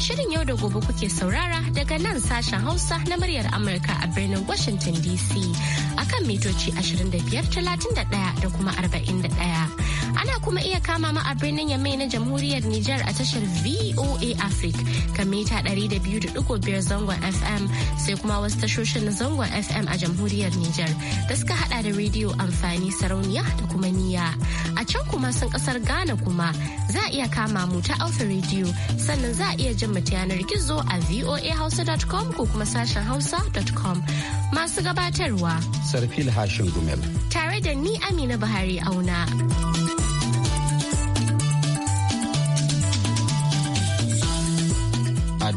Shirin yau da gobe kuke saurara daga nan sashen Hausa na muryar Amurka a birnin Washington DC akan mitoci 25, 31 da kuma 41. kuma iya kama mu a birnin Yamai na Jamhuriyar Nijar a tashar VOA Africa ka mita 200.5 zangon FM sai kuma wasu tashoshin zangon FM a Jamhuriyar Nijar da suka hada da rediyo amfani sarauniya da kuma niya. A can kuma sun kasar Ghana kuma za a iya kama mu ta Alpha rediyo sannan za a iya jin mu ta yanar gizo a voahausa.com ko kuma sashen hausa.com. Masu gabatarwa. Sarfil Hashin Gumel. Tare da ni Amina Buhari Auna.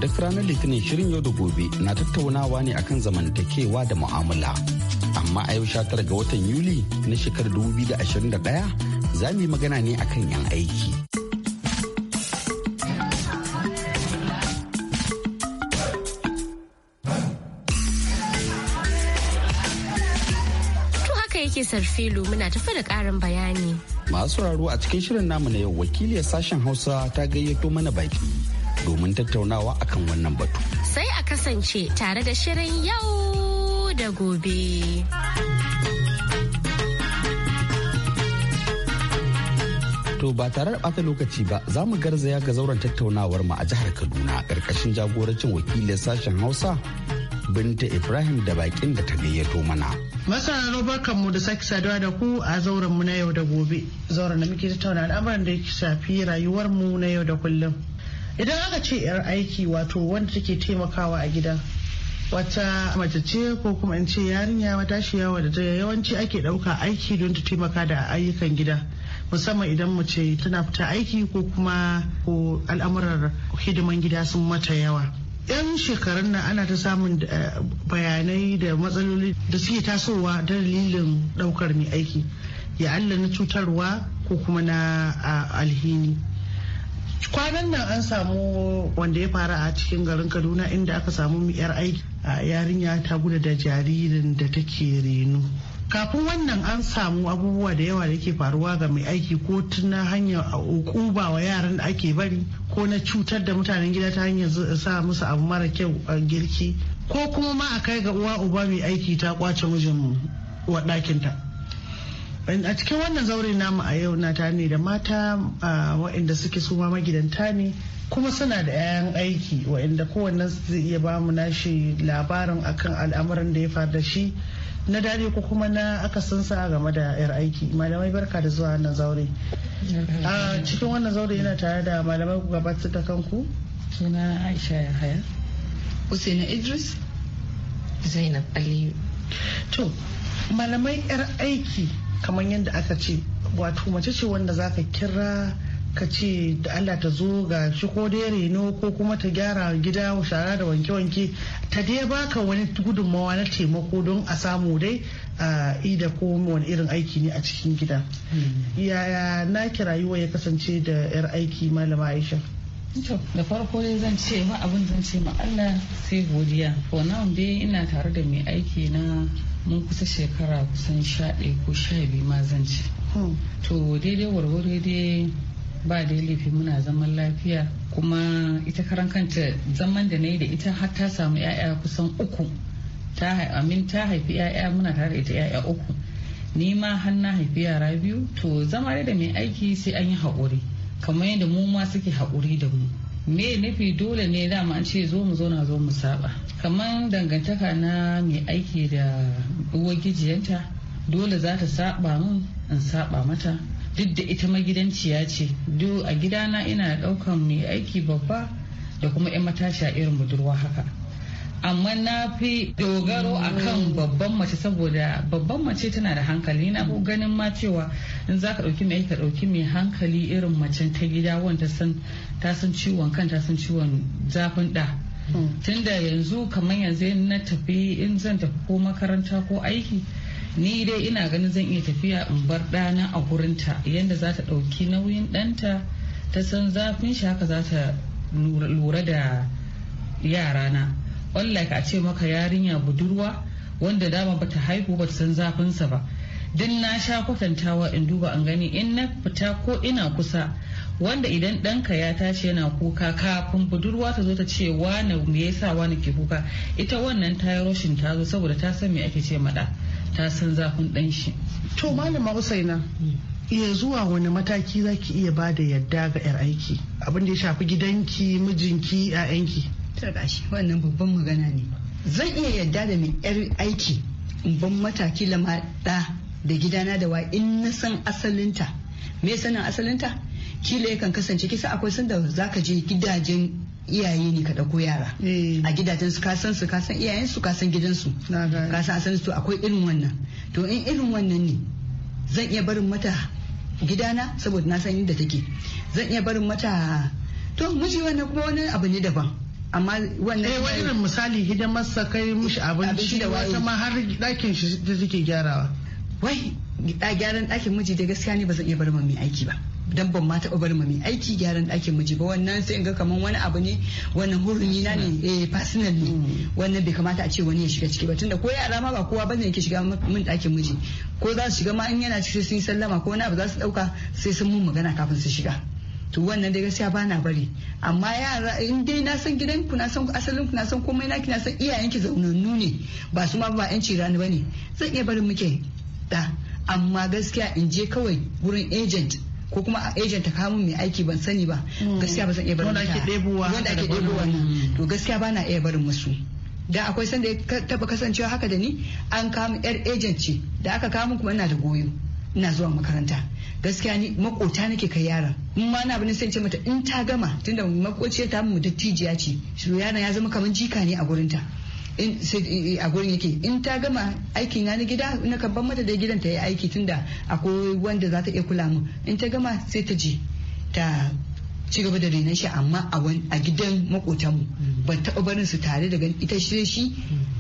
duk ranar litinin shirin yau da gobe na tattaunawa ne akan zamantakewa da mu'amala amma a yau shatar ga watan yuli na shekarar 2021 za mu yi magana ne akan yan aiki yake sarfilu muna tafi da ƙarin bayani. Masu sauraro a cikin shirin namu na yau wakiliyar sashen Hausa ta gayyato mana baki domin tattaunawa akan wannan batu. Sai a kasance tare da shirin yau da gobe. To ba tare da ɓata lokaci ba za mu garzaya ga zauren tattaunawar mu a jihar Kaduna ƙarƙashin jagorancin wakilin sashen Hausa Binta Ibrahim da baƙin da ta gayyato mana. Masana barkan mu da sake saduwa da ku a zauren mu na yau da gobe. Zauren da muke tattauna al'amuran da ya shafi rayuwar mu na yau da kullum. idan aka ce yar aiki wato wanda take taimakawa a gida wata mace ce ko kuma in ce yarinya matashiya wadda ta yawanci ake ɗauka aiki don ta taimaka da ayyukan gida musamman idan mace tana fita aiki ko kuma ko al'amuran hidiman gida sun mata yawa yan shekarun nan ana ta samun eh, bayanai da matsaloli da suke tasowa dalilin ɗaukar mai aiki ya Allah na cutarwa ko kuma na ah, alhini kwanan nan an samu wanda ya faru a cikin garin kaduna inda aka samu yar aiki a yarinya ta gudu da jaririn da take renu kafin wannan an samu abubuwa da yawa da ke faruwa ga mai aiki ko na hanyar a wa yaran da ake bari ko na cutar da mutanen gida ta hanyar sa musu abu mara kyau a girki ko kuma ma a kai ga uwa uba mai aiki ta kwace mijin wa ɗakinta a cikin wannan zaure namu a yau na ta ne da mata waɗanda suke suma magidanta ne kuma suna da 'ya'yan aiki waɗanda kowannen zai iya bamu nashi labarin akan al'amuran da ya faru da shi na dare ko kuma na akasin sa game da 'yar aiki malamai barka da zuwa wannan zaure a cikin wannan zaure yana tare da malamai ku gabatar da kanku suna aisha ya haya usaina idris zainab aliyu to malamai 'yar aiki kamar yadda aka ce wato mace ce wanda za ka kira ka ce da Allah ta zo ga shi ko dai reno ko kuma ta gyara gida shara da wanke-wanke ta dai baka wani gudunmawa na taimako don a samu dai a ida ko wani irin aiki ne a cikin gida hmm. yaya na rayuwa ya kasance da yar aiki malama aisha da farko dai zan ce ma abin zan ce ma Allah sai godiya for now dai ina tare da mai aiki na mun kusa shekara kusan sha ɗaya ko sha biyu ma zan ci hmm. to daidai warware dai ba da laifi muna zaman lafiya kuma ita karan kanta zaman da na yi da ita har ta samu 'ya'ya kusan uku amin ta haifi 'ya'ya muna tare da ita 'ya'ya uku ni ma har na haifi yara biyu to zama da mai aiki sai an yi haƙuri kamar yadda mu ma suke haƙuri da mu me nufi dole ne dama ce zo mu zauna zo mu saba kamar dangantaka na mai aiki da uwar gijiyanta dole za ta saba mun in saba mata duk da ita magidanciya ce duk a gidana ina daukan mai aiki babba da kuma 'yan matasha irin budurwa haka amma na fi dogaro a kan babban mace saboda babban mace tana da hankali na ko ganin ma cewa in za ka ɗauki mai ka ɗauki mai hankali irin mace ta gida wanda ta san ciwon kan ta san ciwon zafin da hmm. tunda yanzu kamar yanzu na tafi in zan tafi ko makaranta ko aiki ni dai ina ganin zan iya tafiya in bar ɗana a gurinta yadda za ta ɗauki nauyin ɗanta ta san zafin shi haka za ta lura da yarana wallahi a ce maka yarinya budurwa wanda dama bata haihu bata san zafinsa ba Din na sha kwatantawa in duba an gani in na fita ko ina kusa wanda idan ɗanka ya tashi yana kuka kafin budurwa ta zo ta ce wani me yasa wani ke kuka ita wannan ta rashin ta zo saboda ta san me ake ce maɗa ta san zafin ɗan shi. to malama usaina iya zuwa wani mataki zaki iya ba da yadda ga 'yar aiki abin da ya shafi gidanki mijinki 'ya'yanki. buƙatar gashi wannan babban magana ne zan iya yadda da mai yar aiki ban mataki lama da da gidana da wa in na san asalinta me sanin asalinta kila yakan kasance kisa akwai sanda zaka je gidajen iyaye ne ka ɗauko yara eh. a gidajen su kasan su kasan iyayen su kasan su kasan asalin su akwai irin wannan to in irin wannan ne zan iya barin mata gidana saboda na san inda take zan iya barin mata to miji wannan kuma wani abu ne daban amma wannan eh wani irin misali hidan masa kai mishi abinci da wata ma har dakin shi da take gyarawa wai gyaran dakin miji da gaskiya ne ba zan iya bar mai aiki ba dan ban ma taɓa bar mai aiki gyaran dakin miji ba wannan sai in ga kaman wani abu ne wannan hurumi na ne eh personal ne hmm. wannan bai kamata a ce wani ya shiga ciki ba tunda ko yara ma ba kowa bane yake shiga min dakin miji ko za su shiga ma in yana ciki sun sallama ko wani abu za su ɗauka sai sun mun magana kafin su shiga to wannan dai gaskiya ba na bari amma yara in dai na san gidan ku na san asalin ku na san komai naki na san iyayen ki zaunannu ne ba su ma ba yanci rani bane zan iya barin muke da amma gaskiya in je kawai gurin agent ko kuma a agent ta kamun mai aiki ban sani ba hmm. gaskiya ba zan iya barin wanda ake ɗebowa wanda ake ɗebowa hmm. to gaskiya ba na iya barin musu da akwai sanda ya taba kasancewa haka da ni an kama yar agent ce da aka kama kuma ina da goyo ina zuwa makaranta gaskiya ni makota nake kai yaron in ma na bani sai ce mata in ta gama tunda makociyar ta mu dattijiya ce shiru yaron ya zama kamar jika ne a gurinta in sai a gurin yake in ta gama aikin na gida na kabban mata da gidan ta yi aiki tunda akwai wanda za ta iya kula mu in ta gama sai ta je ta ci gaba da renon shi amma a gidan makotanmu ban taɓa barin su tare daga ita shi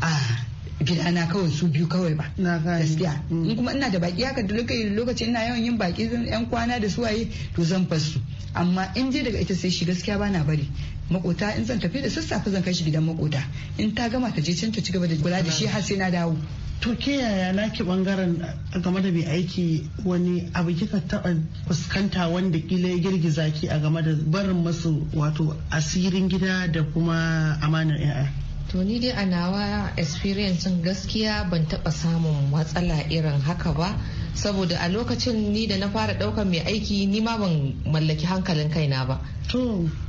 a gidana kawai su biyu kawai ba gaskiya mm. in kuma ina da baki haka da lokacin ina yawan yin baki zan yan kwana da suwaye to zan fasu amma in je daga ita sai shi gaskiya bana bari makota in zan tafi da sassafe zan kai shi gidan makota in ta gama ta je can ta ci gaba da kula da shi har sai na dawo to ke yaya naki bangaren game da mai aiki wani abu kika taba fuskanta wanda kila ya girgiza ki a game da barin masu wato asirin gida da kuma amanar 'ya'ya to ni dai a nawa experience gaskiya ban taba samun matsala irin haka ba saboda a lokacin ni da na fara daukar mai aiki ni ma ban mallaki hankalin kaina ba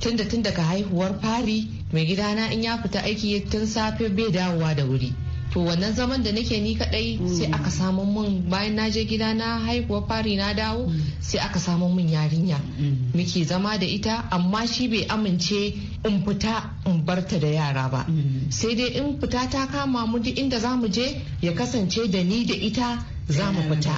tunda tun daga haihuwar fari mai gidana in ya fita aiki tun safe bai dawowa da wuri to wannan zaman da nake ni kadai mm. sai aka samu mun bayan na je gida na haihuwa fari na dawo mm. sai aka samu mun yarinya mm. muke zama da ita amma shi bai amince in fita in barta da yara ba sai dai in fita ta kama mu duk inda za mu je ya kasance da ni da ita za mu fita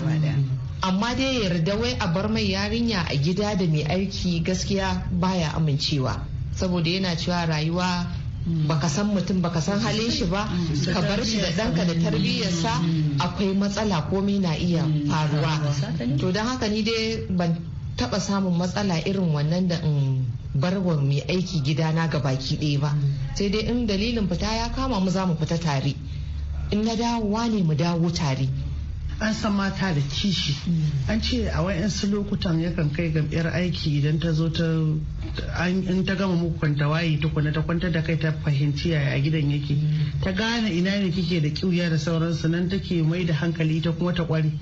amma dai yarda wai a bar mai yarinya a gida da mai aiki gaskiya baya amincewa saboda yana cewa rayuwa baka san mutum baka san halin shi ba ka bar shi da ɗanka da tarbiyyarsa akwai matsala komai na iya faruwa to don haka ni dai ban taba samun matsala irin wannan da in barwa mai aiki gidana ga baki ɗaya ba sai dai in dalilin fita ya kama mu za mu fita tare in na dawowa ne mu dawo tare an san mata da kishi an ce a wayansu lokutan yakan kai ga yar aiki idan ta zo ta in ta gama muku kwanta wayi tukuna ta kwanta da kai ta fahimci yaya a gidan yake ta gane ina ne kike da kiuya da sauransu nan take mai da hankali ta kuma ta kware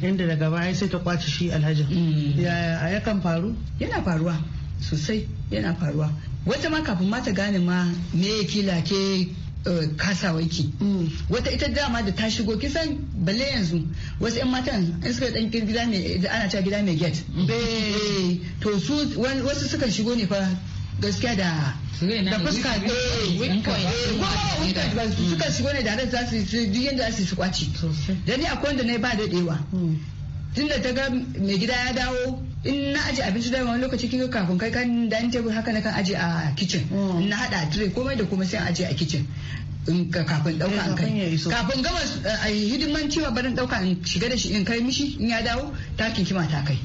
inda daga baya sai ta kwace shi Alhaji. yaya mm. yakan faru yana faruwa sosai yana faruwa wata ma kafin ma ta gane ma me kila ke Eh, kasawaki mm. wata ita dama da ta shigo kisan balle yanzu wasu yan matan in suka dan gida mai ana cewa gida mai get mm. to su wasu suka shigo ne fa gaskiya da da fuska eh, eh mm. suka shigo ne da ran za su duk yanda za su kwaci dan ni akwai wanda ne ba da dadewa tunda ta ga mai gida ya dawo in na aje abinci da wani lokaci kinga kafin kai kan dining tebur haka na kan aje a kitchen mm. na hada tray komai da komai sai aje a kitchen kafin dauka an kai kafin gama eh, hidiman cewa barin dauka in shiga da shi in kai mishi in ya dawo takin kima ta kai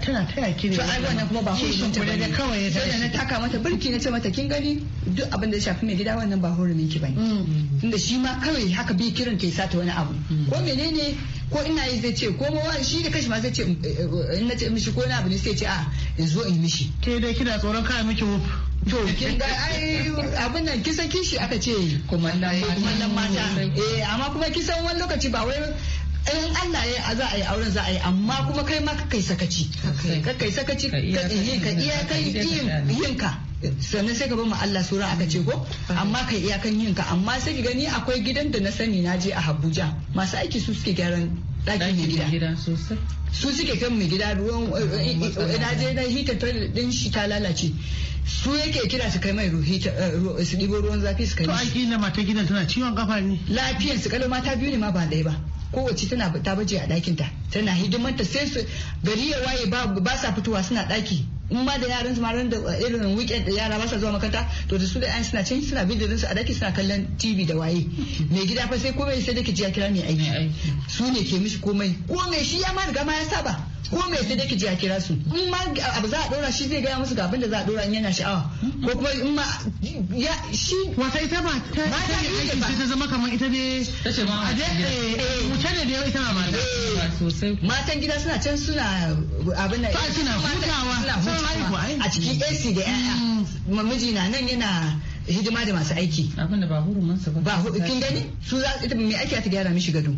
tana taya ki ne to ai wannan kuma ba hurumin ta bane kawai ya tashi na taka mata birki na ce mata kin gani duk abin da ya shafi mai gida wannan ba hurumin ki bane mm. tunda shi ma kawai haka bi kiran ke sata wani abu mm. ko menene ko ina yi zai ce ko ma shi da kashi ma zai ce eh, eh, eh, in na ce mishi ko na abu ne sai ce a yanzu in mishi ke dai kina tsoron kai miki wuf to kin ga ai abin nan kisan kishi aka ce Kuma kuma na yi na mata eh amma kuma kisan wani lokaci ba wai in Allah ya za a yi auren za a yi amma kuma kai ma kai sakaci kai sakaci ka iya kai yin ka sannan sai ka ba mu Allah sura aka ce ko amma kai kan yin ka amma sai ki gani akwai gidan da na sani na je a Abuja masu aiki su suke gyaran ɗakin gida su suke kan mai gida ruwan eh, eh, eh, na je na hita din shi ta lalace su yake kira su kai mai su ɗibo ruwan zafi su kai to an kila mata gidan tana ciwon kafa ne lafiyar su kalau mata biyu ne ma ba ɗaya ba kowace tana ta baje a ɗakinta tana hidimanta sai su gari ya waye ba sa fitowa suna ɗaki in ma da yaran su ran da irin weekend da yara ba sa zuwa makaranta to da su da yan suna can suna bidirin su a daki suna kallon TV da waye mai gida fa sai komai sai da ji jiya kira mai aiki su ne ke mishi komai komai shi ya ma riga ma ya saba ko me sai ki je a kira su in ma abu za a dora shi zai gaya musu ga abin da za a dora in yana sha'awa ko kuma in ma ya shi wata ita ba ta ta aiki sai ta zama kamar ita ne ta ce ma a je eh, eh, wuce ne da yau ita ma mata eh. matan gida suna can suna abin da suna hutawa a cikin AC da yaya mamiji mm. na nan yana hidima da masu aiki abinda ba hurumin su ba kin gani su za su mai aiki za ta gyara mishi gado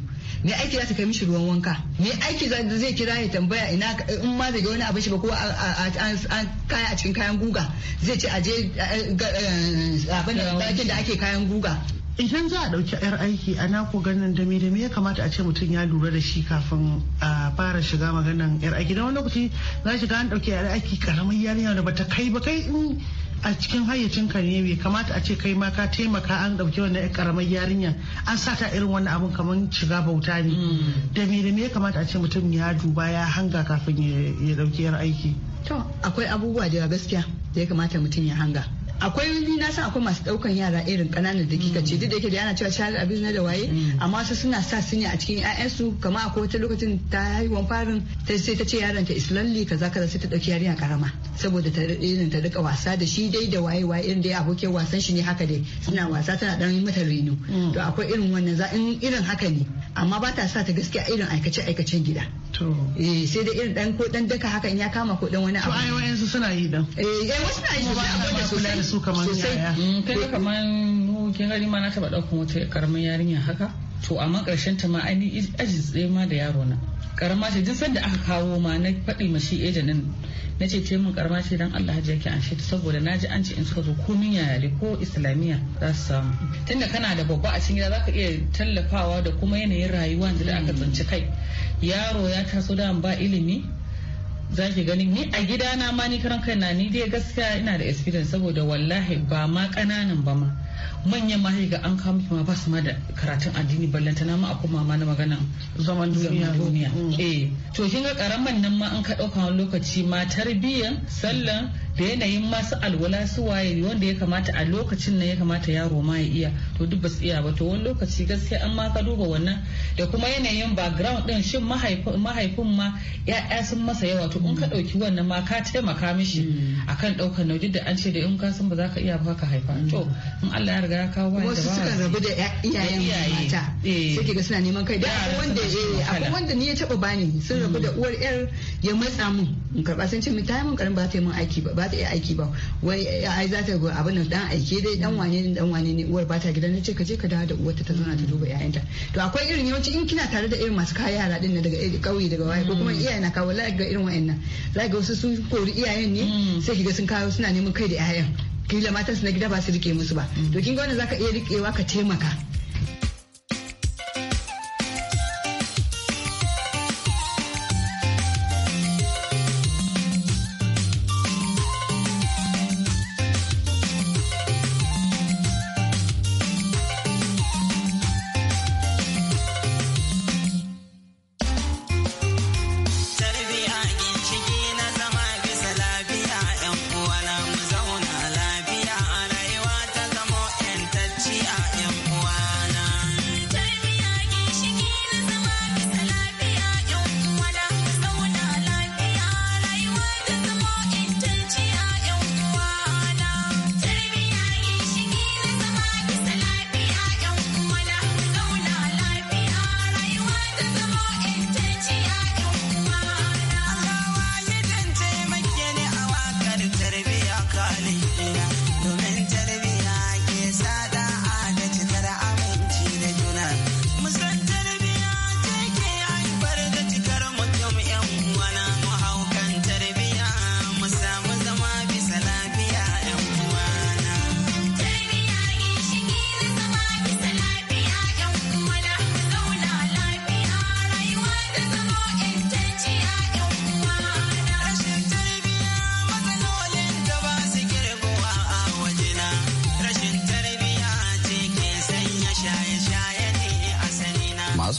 mai aiki za ta kai mishi ruwan wanka mai aiki zai kira ya tambaya ina in ma zai ga wani abin shi ba ko an kaya a cikin kayan guga zai ce aje eh, abin da da ake kayan guga idan za a ɗauki 'yar aiki a nako ganin da me da me ya kamata a ce mutum ya lura da shi kafin a fara shiga maganan 'yar aiki don wani lokaci za shiga an ɗauki 'yar aiki karamin yarinya da bata kai ba kai in a cikin hayyacin ka ne bai kamata a ce kai ma ka taimaka an ɗauki wannan karamar yarinya an sa ta irin wani abun kamar shiga bauta ne mm. da me da me kamata a ce mutum ya duba ya hanga kafin ya ɗauki yar aiki to akwai abubuwa da gaskiya da ya kamata mutum ya hanga akwai wani na san akwai masu daukan yara irin kananan da kika ce duk da yake da ana cewa child abuse na da waye mm. amma wasu suna sa su ne a cikin su kama akwai wata lokacin ta haihuwan farin ta sai ta ce yaron ta islalli kaza kaza sai ta dauki yarinya karama saboda ta irin ta rika wasa da shi dai da waye waye irin dai abokin wasan shi ne haka dai suna wasa tana dan mata reno mm. to akwai irin wannan za in irin haka ne amma ba ta sa ta gaskiya irin aikace aikacen gida to eh sai da irin dan ko dan daka haka in ya kama ko dan wani abu to ai wayansu suna yi dan eh, eh wasu na yi ba su su kamar yaya mm, kaga kamar kin gari ma na taba daukan wata karamin yarinya haka to amma karshen ta ma ainihin aji tsaye ma da yaro na karama ce duk sanda aka kawo ma na faɗi ma shi ejan din na ce ce mun karama ce dan Allah hajiya yake an shi saboda na ji an ce in suka zo ko min yayale ko islamiyya za su samu tunda kana da babba a cikin gida zaka iya tallafawa da kuma yanayin rayuwa da aka tsinci kai yaro ya taso da ba ilimi za ki ganin ni a gida na ma ni karan na ni dai gaskiya ina da experience saboda wallahi ba ma kananan ba ma manyan ma ga an kama ma ba su ma da karatun addini ballanta na ma a kuma ma na magana zaman duniya duniya mm. eh to kin ga karaman nan ma an ka dauka wani lokaci ma tarbiyyan sallan da yanayin masu alwala su waye wanda ya kamata a lokacin nan ya kamata yaro ma ya iya to duk basu iya ba to wani lokaci gaskiya an ma ka duba wannan da kuma yanayin background din shin mahaifin ma ya'ya sun masa yawa to in ka dauki wannan ma ka taimaka mishi mm. akan daukar nauyi da an ce da in ka san ba za ka iya ba ka haifa to mm. in Allah ya riga ya kawo wani wasu suka rabu da iyayen mata eh. sai ga suna neman kai da wanda eh, akwai wanda ni ya taba bani sun rabu da mm. uwar yar ya matsa mun in karba sun ce mun ta yi mun karin ba ta yi mun aiki ba ba ta iya aiki ba wai eh, ai za ta abin nan dan aike dai dan wane ne dan wane ne uwar ba ta gida nace ka je ka dawo da uwar ta zauna ta duba yayanta to akwai irin yawanci in kina tare da irin masu kaya yara din daga kauye daga waye ko kuma mm. iyayen na kawo ga irin wayannan za ga wasu sun kori iyayen ne mm. sai kiga sun kawo suna neman kai da yayan kila matan su na gida ba su rike musu ba to mm. kin ga wannan zaka iya rikewa ka taimaka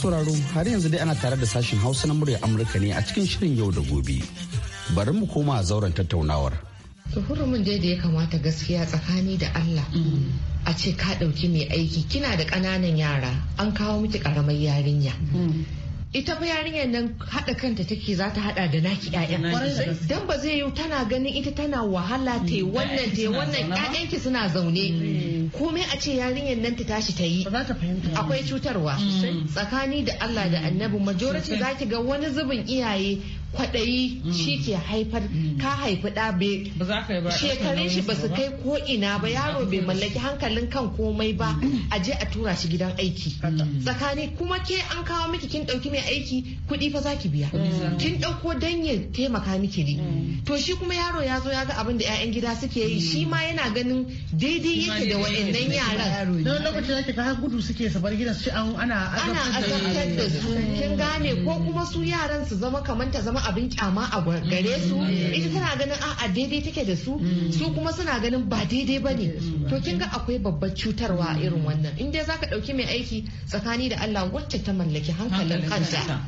sauraro har yanzu dai ana tare da sashen hausa na murya amurka ne a cikin shirin yau da gobe bari mu koma zauren tattaunawar tuhurumin hurumin dai da ya kamata gaskiya tsakani da allah mm. a ce ka dauki mai aiki kina da kananan yara an kawo miki karamar yarinya mm. ita fa yarinyar nan haɗa kanta take za ta haɗa da naki ƴaƴan dan ba zai yi tana ganin ita tana wahala ta yi mm. wannan ta wannan ƴaƴan ki suna zaune mm. komai a ce yarinyar nan ta tashi ta yi akwai cutarwa mm. tsakani da Allah da Annabi majority za ki ga wani zubin iyaye kwaɗayi hmm. shi ke haifar hmm. ka haifi ɗa shekarun shi ba su kai ko ina ba hmm. yaro bai mallaki hankalin kan komai ba a je a tura shi gidan aiki tsakani kuma ke an kawo miki kin ɗauki mai aiki kuɗi fa zaki biya kin ɗauko dan ya taimaka miki ne to shi kuma yaro ya zo ya ga abin da 'ya'yan gida suke yi shi ma yana ganin daidai yake da waɗannan yaran don lokacin da ke har gudu suke su bar gidan su ana azabtar da su kin gane ko kuma su yaran su zama kamar ta zama abin kyama a gare su mm. Mm. ita tana ganin a'a daidai take da su mm. su kuma suna ganin ba daidai ba ne to kin ga akwai babbar cutarwa irin wannan in dai zaka dauki mai aiki tsakani da Allah wacce ta mallaki hankalin kanta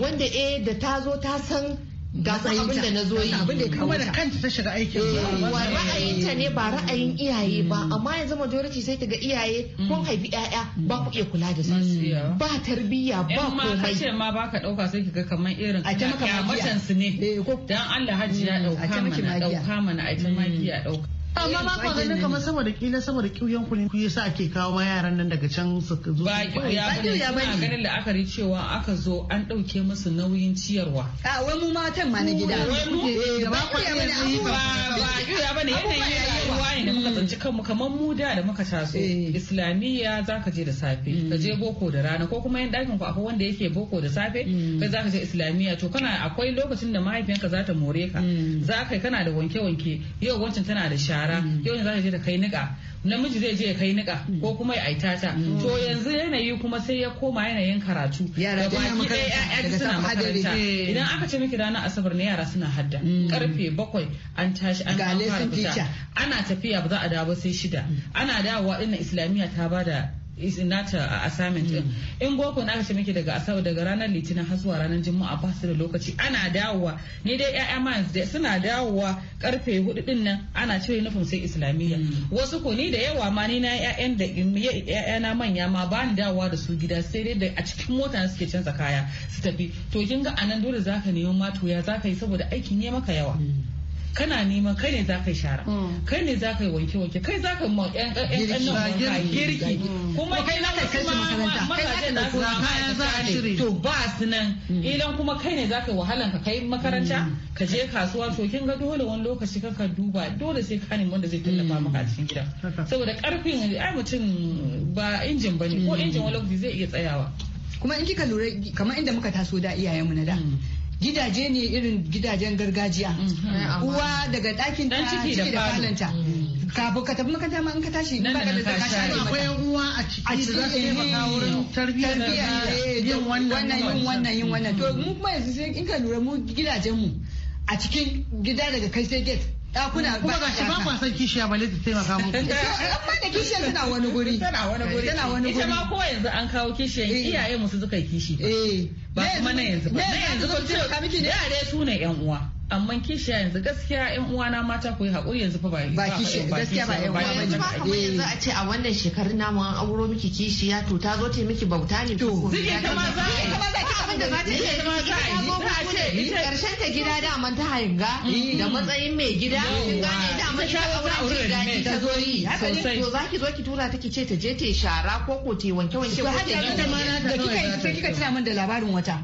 wanda eh da ta zo ta san ga abinda na zo yi abin da ya kawo ta kanta ta shiga aikin eh, wa ra'ayinta ne ba ra'ayin iyaye ba hmm. amma yanzu majority sai kaga iyaye hmm. kun haifi yaya ba ku iya kula da su hmm. ba tarbiyya ba komai ma kace ma baka dauka sai kiga kamar irin a ta maka su ne eh, dan Allah hajji ya dauka mana dauka mana a ta maki ya dauka amma ba ka ganin kamar saboda kila saboda kiuyan ku ne ku yasa ake kawo ma yaran nan daga can su zo ba kiuya ba ne ganin la'akari cewa aka zo an dauke musu nauyin ciyarwa a wai mu matan ma na gida eh, ba kiuya ba ne ba kiuya ba ne yanayin rayuwa ne da muka tsinci kanmu kamar mu da da muka taso eh. islamiyya zaka je da safe ka je boko da rana ko kuma yan dakin ku akwai wanda yake boko da safe mm. kai zaka je islamiyya to kana akwai lokacin da mahaifiyanka za ta more ka mm. za kana da wanke-wanke yau wancan tana da sha yara mm. yau ne za ta je ta kai nika namiji zai je ya kai nika mm. ko kuma ya aita ta mm. to yanzu yanayi kuma sai ya koma yanayin karatu yara suna makaranta eh. idan aka ce miki ranar asabar ne yara suna hadda karfe bakwai an tashi an fara fita ana tafiya ba za a dawo sai shida ana dawowa din islamiyya ta bada nata a uh, assignment din mm. in goko na ce miki daga asabar daga ranar litinin har zuwa ranar juma'a ba su da lokaci ana dawowa ni dai ƴaƴa ma suna dawowa karfe hudu din nan ana cire nufin sai islamiyya mm. wasu ko ni da yawa ma ni na ƴaƴan da ƴaƴa na manya ma ba ni dawowa da su gida sai dai da a cikin mota suke canza kaya su tafi to kin ga anan dole zaka nemi mato ya zaka yi saboda aikin ne maka yawa mm. kana neman kai ne za ka yi shara mm. kai ne za ka yi wanke wanke kai za ka ma yan kan wanka girki mm. kuma kai za ka kai makaranta kai za ka kaya za a cire to ba su nan mm. idan kuma kai ne za ka yi wahalan ka kai makaranta ka je kasuwa to kin ga dole wani lokaci ka duba dole sai ka nemi wanda zai tallafa maka a cikin gida saboda karfin ai mutum ba injin bane ko injin wani lokaci zai iya tsayawa kuma in kika lura kamar inda muka taso da iyayenmu na da gidaje ne irin gidajen gargajiya mm, mm. uwa daga ɗakin ta ciki da falanta mm. kafin ka tafi makaranta ma in ka tashi ba ka da zaka share akwai uwa a ciki da za yi eh, maka wurin tarbiyyar eh, yin wannan yin wannan yin wannan to mu kuma yanzu sai in ka lura mu gidajen mu a cikin gida daga kai sai gate dakuna kuma ga shi ba kwa san kishiya ba lati taimaka muku amma da kishiya tana wani guri tana wani guri tana wani guri ita ma ko yanzu an kawo kishiya eh. iyaye musu su suka kishi eh. ba kuma na yanzu ba na yanzu ko tiro ka miki ne yare su ne yan uwa amma kishiya yanzu gaskiya yan uwana mata ku yi haƙuri yanzu fa ba ba kishiya gaskiya ba yan uwana yanzu ba kamar eh. yanzu a ce a wannan shekarun namu an auro miki kishiya to ta zo ta miki bauta ne to zike ta ma za ta ma za ta abinda za ta yi ta ma za ta ce karshen ta gida da man ta hanga mm. da matsayin mai gida kin gane da man ta aure da ta zo yi sosai to zaki zo ki tura ta ki ce ta je ta shara ko ko ta wanke wanke ko ta ta ma na da kika kika tana min da labarin wata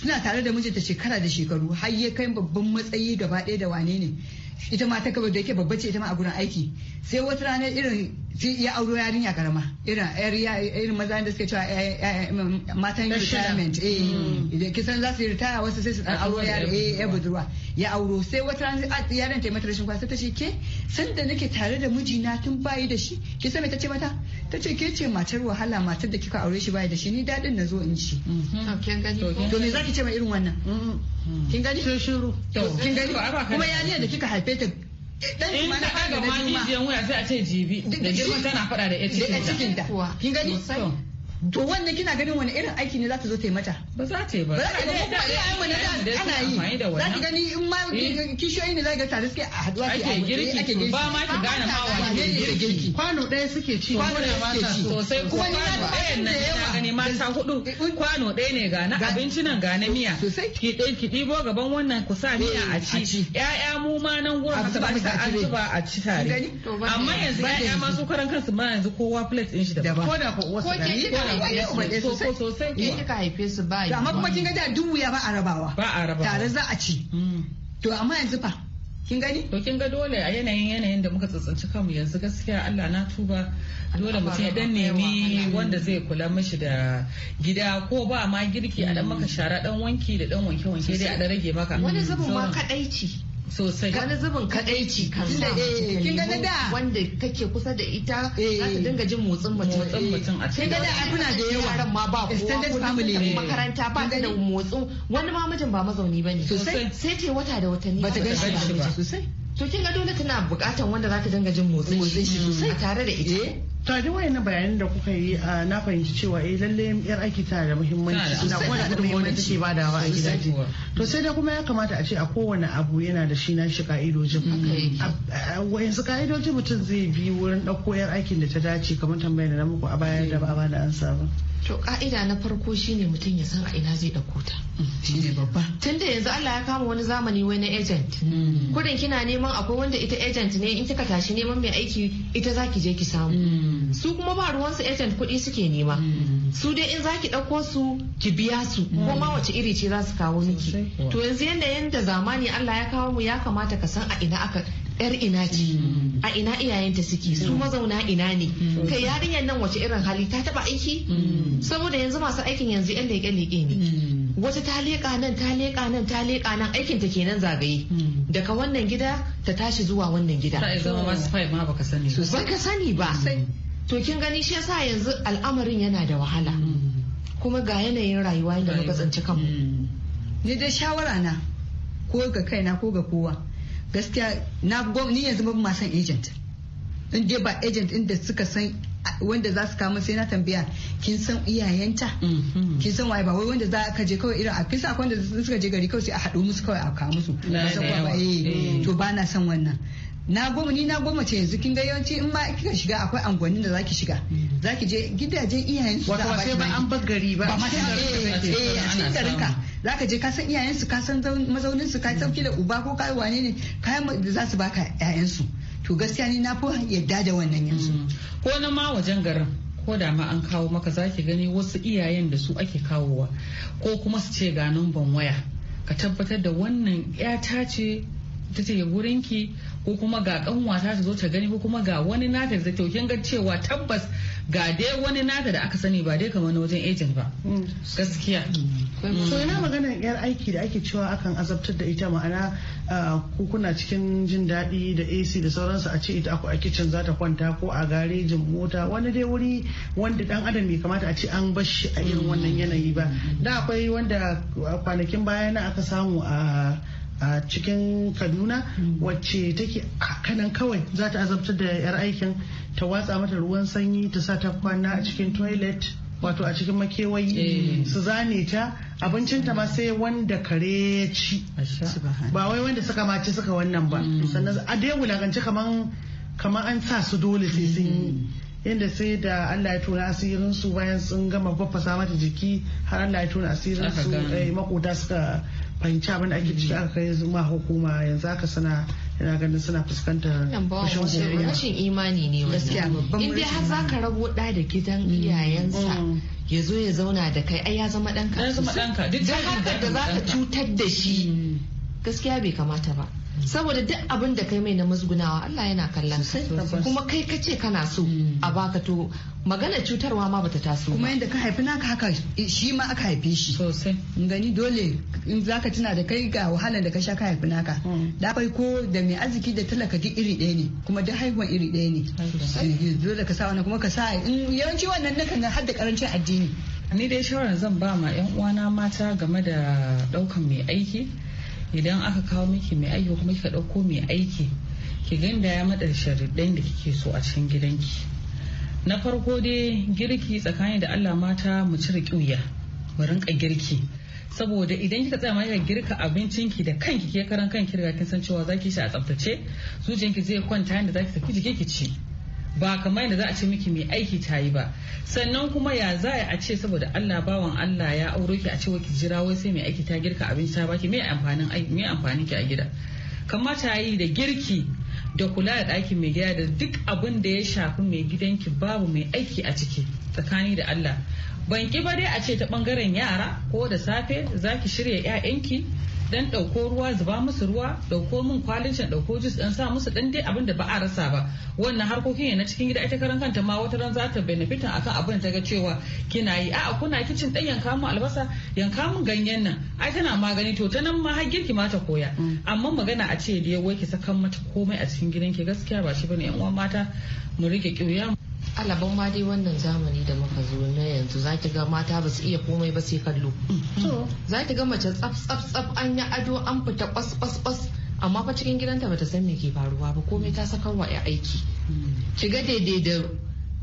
suna tare da mijinta shekara da shekaru har ya kai babban matsayi gaba ɗaya da wane ne ita ma ta kaba da yake babba ce ita ma a gurin aiki sai wata rana irin ya auro yarinya karama irin maza da suke cewa matan retirement eh mm. kisan za su yi ritaya wasu sai su dan auro yarinya ya eh, budurwa ya auro sai wata rana yaron ta mata rashin kwasa ta ce ke san da nake tare da mijina tun bayi da shi ki san ta ce mata ta ce ke ce matar wahala matar da kika aure shi bayi da shi ni dadin na zo in ci mm-hmm. to me zaki ce ma irin wannan mm-hmm. kin gani shiru kin gani kuma yariya da kika haife ta eh, in ta kaga ma jiyan wuya sai a ce jibi da girman tana faɗa da ƴar cikin ta kin gani to wannan kina ganin wani irin aiki ne za ta zo ta yi mata ba za ta yi ba za ta yi ba ta mu na da ana yi za ta gani in ma eh. kishiyoyi ne za ki ga tare suke a haduwa ake girki eh, ake girki ba ma ki gane ma wani ne girki kwano daya suke ci kwano daya suke ci sosai kuma ni na ɗayan nan ina gani mata hudu eh, kwano daya ne ga na abinci nan ga na miya ki dai ki dibo gaban wannan ku sa miya a ci ƴaƴa mu ma nan gurin haka ba ta an zuba a ci tare amma yanzu ƴaƴa ma su karan kansu ma yanzu kowa plate din shi daban ko da ko wasu haife su sosai ke kika haife su ba amma kuma kin ga da duk wuya ba a rabawa ba a rabawa tare za a ci to amma yanzu fa kin gani to kin ga dole a yanayin yanayin da muka tsatsinci kanmu yanzu gaskiya Allah na tuba dole mutum ya dan nemi wanda zai kula mishi da gida ko ba ma girki a dan maka shara dan wanki da dan wanke wanke dai a dan rage maka wani zubin ma kadaici sosai wani zubin kadaici kan sa eh, kin ga da wanda kake kusa da ita za ta eh. dinga jin motsin mutum motsin eh. mutum a cikin da kuna da yawa yaran ma ba kowa extended family ne makaranta ba da motsin wani ma mijin ba mazauni bane sosai sai ce wata da watanni ba ta ganshi ba sosai to kin ga dole tana bukatan wanda za ta dinga jin motsin shi mm. sosai tare da ita eh? ta da wayannan bayanan da kuka yi ah, na fahimci cewa eh lalle yar aiki ta da muhimmanci da kuma da muhimmanci ke badawa a gidaje to sai dai kuma ya kamata a ce a kowane abu yana da shi na shi ka'idojin mm. wayansu ka'idojin mutum zai bi wurin ɗauko yar aikin da ta dace kamar tambayar da na muku a baya da ba a bada ansa ba to ka'ida na farko shine mutum ya san a ina zai dauko ta mm, shine babba tunda yanzu Allah ya kama wani zamani wai na agent mm. kudin kina neman akwai wanda ita agent ne in kika tashi neman mai aiki ita zaki je ki samu mm. su kuma ba ruwansu agent kuɗi suke nema su dai in zaki ɗauko su ki biya su Kuma ma wace iri ce za su kawo miki to yanzu yanda yanda zamani Allah ya kawo mu ya kamata ka san a ina aka yar ina ce mm. a ina iyayenta suke su mm. mazauna ina ne mm. kai yarinyar nan wace irin hali ta taba aiki saboda yanzu masu aikin yanzu yan leke leke ne wata ta leƙa nan ta leƙa nan ta leƙa nan aikin ta kenan zagaye daga wannan gida ta tashi zuwa wannan gida ta zama masu fai ma baka sani ba ka sani ba to kin gani shi yasa yanzu al'amarin yana da wahala kuma ga yanayin rayuwa yadda muka tsinci kanmu ni dai shawara na ko ga kaina ko ga kowa gaskiya na ni yanzu ban masan agent in dai ba agent inda suka san wanda za su kama sai na tambaya kin san iyayenta mhm. kin san waye ba wai wanda za ka je kawai irin a kin san wanda suka je gari kawai sai a haɗu musu kawai a kawo musu eh, to ba na san wannan na goma ni na goma ce yanzu kin ga yawanci in ma kika shiga akwai angwannin da zaki shiga mm-hmm. zaki je gidajen iyayen su wato ba sai ba an bar gari ba ba ma eh, eh, eh a cikin ka zaka je ka san iyayen su ka san mazaunin su ka san kila uba ko kai wane ne kayan da za su baka iyayen su to gaskiya ni na fi yadda da wannan yanzu mm-hmm. ko na ma wajen garin ko da ma an kawo maka zaki gani wasu iyayen da su ake kawowa ko kuma su ce ga numban waya ka tabbatar da wannan yata ce ta ce ya gurin ki ko kuma ga kanwa ta zo ta gani ko kuma ga wani nata da to ga cewa tabbas ga dai wani nata da aka sani ba dai kamar na wajen agent ba mm. gaskiya mm. so ina magana yar aiki da ake cewa akan azabtar da ita ma'ana ko kuna cikin jin daɗi da AC da sauransu a ce ita aku a kitchen za ta kwanta ko a garejin mota wani dai wuri wanda dan adam bai kamata a ce an bar shi a irin wannan yanayi ba da akwai wanda kwanakin baya na aka samu a a cikin kaduna wacce take kanan kawai za ta azabtar da 'yar aikin ta watsa mata ruwan sanyi ta sa ta kwana a cikin toilet wato a cikin makewayi eh. su zane ta abincinta ma sai wanda kare ci ba wai wanda suka mace suka wannan ba hmm. sannan a dai wulakance kaman kamar an sa su dole sai sun yi hmm. yadda sai da Allah ya tona asirin su bayan sun gama fafasa mata jiki har Allah ya tona asirin su eh, makota suka fahimci abin da ake ciki aka kai zuma hukuma yanzu aka sana yana ganin suna fuskantar rashin imani ne wani in dai har zaka rabo da da gidan mm. iyayensa mm. ya zo ya zauna da kai ai ya zama ɗanka ya zama ɗanka duk da haka da zaka cutar da shi mm. gaskiya bai kamata ba saboda duk abin da kai mai na musgunawa Allah yana kallon kuma kai ka ce kana so hmm. a baka to magana cutarwa ma bata taso kuma yadda ka haifi naka haka shi ma aka haife shi sosai gani dole in zaka tuna da kai ga wahalar da ka sha ka haifi naka hmm. da kai ko da mai arziki da talaka duk iri ɗaya ne kuma duk haihuwan iri ɗaya ne dole ka sa wannan kuma ka sa yawanci wannan nakan har da karancin addini ni dai shawarar zan ba ma 'yan uwana mata game da daukan mai aiki idan aka kawo miki mai aiki kuma kika ɗauko mai aiki ki ya madar sharidan da kike so a cikin gidanki na farko dai girki tsakanin da allah mata mu cire ƙiuya mu rinka girki saboda idan kika tsaya mai girka abincinki da kanki ke karan kanki riga kin san cewa zaki shi a tsaftace zuciyanki zai kwanta yadda zaki tafi jiki ki ci ba kamar yadda za a ce miki mai aiki ta yi ba sannan kuma ya za a ce saboda Allah bawan Allah ya auro ki a ce ki jira wai sai mai aiki ta girka abinci ta baki me amfanin ki a gida ta yi da girki da kula da ɗakin mai gida da duk abin da ya shafi mai gidanki babu mai aiki a ciki tsakani da Allah ban ki ba dai a ce ta bangaren yara ko da safe za ki shirya 'ya'yanki dan ɗauko ruwa zuba musu ruwa ɗauko min kwalin can dauko jus dan sa musu dan dai abin da ba a rasa ba wannan harkokin na cikin gida ita karan kanta ma wata ran za ta benefitin akan abin ta ga cewa kina yi a kuna kicin dan yanka mu albasa yanka mu ganyen nan ai tana magani to ta nan ma har girki ma ta koya mm. amma magana a ce da wai ki sakan mata komai a cikin gidanki gaskiya ba shi bane yan uwa mata mu rike mu. alaban ma dai wannan zamani da muka zo na yanzu za ki ga mata ba su iya komai ba sai kallo za ki ga mace tsaf tsaf tsaf an yi ado an fita kwas kwas kwas amma fa cikin gidanta bata san me ke faruwa ba komai ta sakarwa ya aiki hmm. ki ga daidai da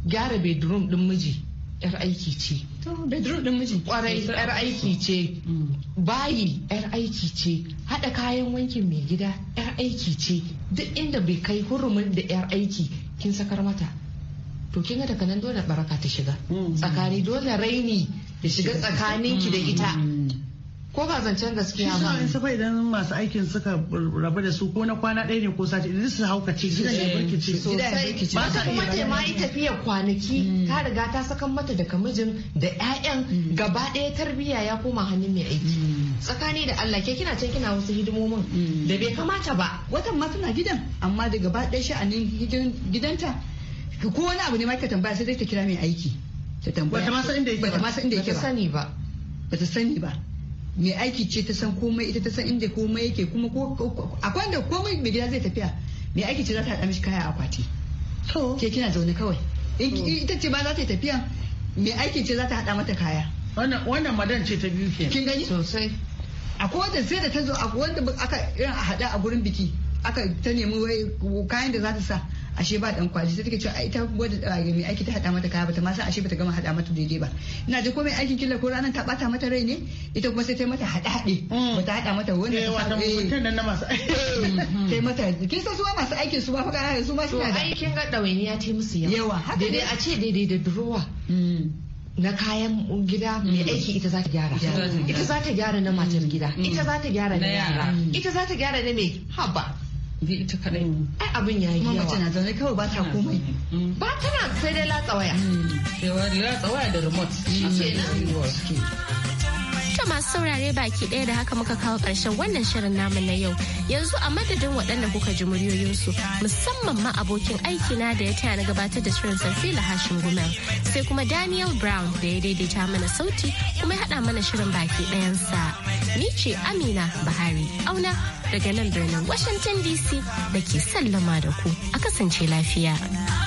gyara bedroom din miji yar aiki ce. bedroom din miji. Kwarai yar aiki ce. Hmm. Bayi yar aiki ce. Hada kayan wankin mai gida yar aiki ce. Duk inda bai kai hurumin da yar aiki kin sakar mata. to kin ga daga nan dole baraka ta shiga hmm. tsakani dole raini ta shiga tsakaninki da hmm. ita ko ba zancen gaskiya ba shi sai idan masu aikin suka rabu da su ko na kwana ɗaya ne ko sati idan su haukace gidan ya barki sosai ba ta kuma ta ma yi tafiya kwanaki hmm. ta riga ta sakan mata daga mijin da ƴaƴan gaba ɗaya tarbiyya ya koma hannun mai aiki tsakani da Allah ke kina can kina wasu hidimomin da bai kamata ba watan ma tana gidan amma da gaba ɗaya sha'anin gidanta ko wani abu ne ma ka tambaya sai dai ta kira mai aiki ta tambaya bata ma san inda yake ba bata ma inda yake ba sani ba bata sani ba mai aiki ce ta san komai ita ta san inda komai yake kuma ko akwai inda komai mai gida zai tafiya mai aiki ce za ta haɗa mishi kaya akwati to ke kina zaune kawai ita ce ba za ta yi tafiya mai aiki ce za ta haɗa mata kaya wannan madan ce ta biyu ke kin gani sosai akwai wanda sai da ta zo akwai wanda aka irin a haɗa a gurin biki aka ta nemi kayan da za ta sa ashe ba dan kwaji sai take cewa ai ta da tsage ah, mai aiki ta hada mata kaya bata ma san ashe bata gama hada mata daidai ba ina ji komai aikin killa ko ranan ta bata mata rai ne ita kuma sai ta mata hada hade mm. bata hada mata wanda eh, ta sa eh. mutan nan na masu aiki ta mata ki san su ma masu aiki su ba fa kana su ma shi da aikin ga ya ta musu yawa daidai a ce daidai da durowa mm. na kayan gida mm. mai aiki ita za ta gyara ita za ta gyara na matar gida ita za ta gyara na yara ita za ta gyara na mai haba zai ita kadai ai abin yayi yawa mace na zaune kawai ba ta komai mm. ba tana sai dai latsa waya mm. sai latsa waya da remote mm. shi masu saurare baki ɗaya da haka muka kawo ƙarshen wannan shirin namu na yau. Yanzu a madadin waɗanda kuka ji muryoyinsu musamman ma abokin aiki na da ya taya na gabatar da shirin Sarfila hashin Gumel. Sai kuma Daniel Brown da ya daidaita mana sauti kuma ya haɗa mana shirin baki ɗayansa. Ni ce Amina Buhari Auna daga nan birnin Washington DC da ke sallama da ku a kasance lafiya.